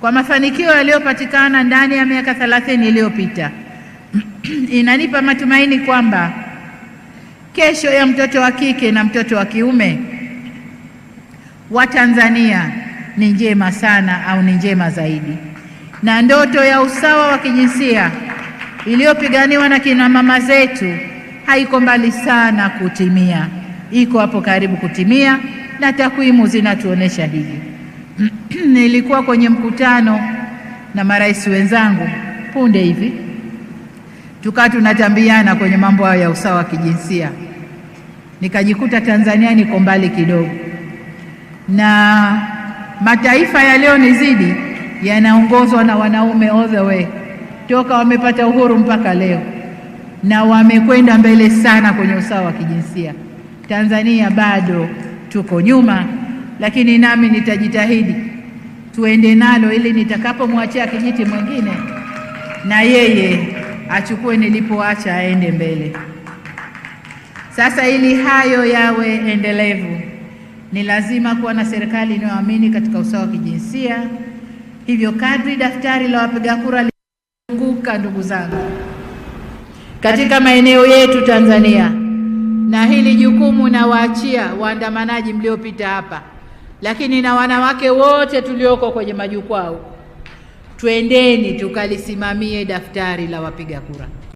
kwa mafanikio yaliyopatikana ndani ya miaka 30 iliyopita inanipa matumaini kwamba kesho ya mtoto wa kike na mtoto wa kiume wa Tanzania ni njema sana au ni njema zaidi, na ndoto ya usawa wa kijinsia iliyopiganiwa na kina mama zetu haiko mbali sana kutimia, iko hapo karibu kutimia, na takwimu zinatuonesha hivi. nilikuwa kwenye mkutano na marais wenzangu punde hivi, tukawa tunatambiana kwenye mambo hayo ya usawa wa kijinsia, nikajikuta Tanzania niko mbali kidogo na mataifa ya leo nizidi yanaongozwa na wanaume all the way toka wamepata uhuru mpaka leo, na wamekwenda mbele sana kwenye usawa wa kijinsia. Tanzania bado tuko nyuma lakini nami nitajitahidi tuende nalo, ili nitakapomwachia kijiti mwingine na yeye achukue nilipoacha, aende mbele. Sasa ili hayo yawe endelevu, ni lazima kuwa na serikali inayoamini katika usawa wa kijinsia. Hivyo kadri daftari la wapiga kura lilifunguka, ndugu zangu, katika maeneo yetu Tanzania, na hili jukumu nawaachia waandamanaji mliopita hapa lakini na wanawake wote tulioko kwenye majukwaa, twendeni tukalisimamie daftari la wapiga kura.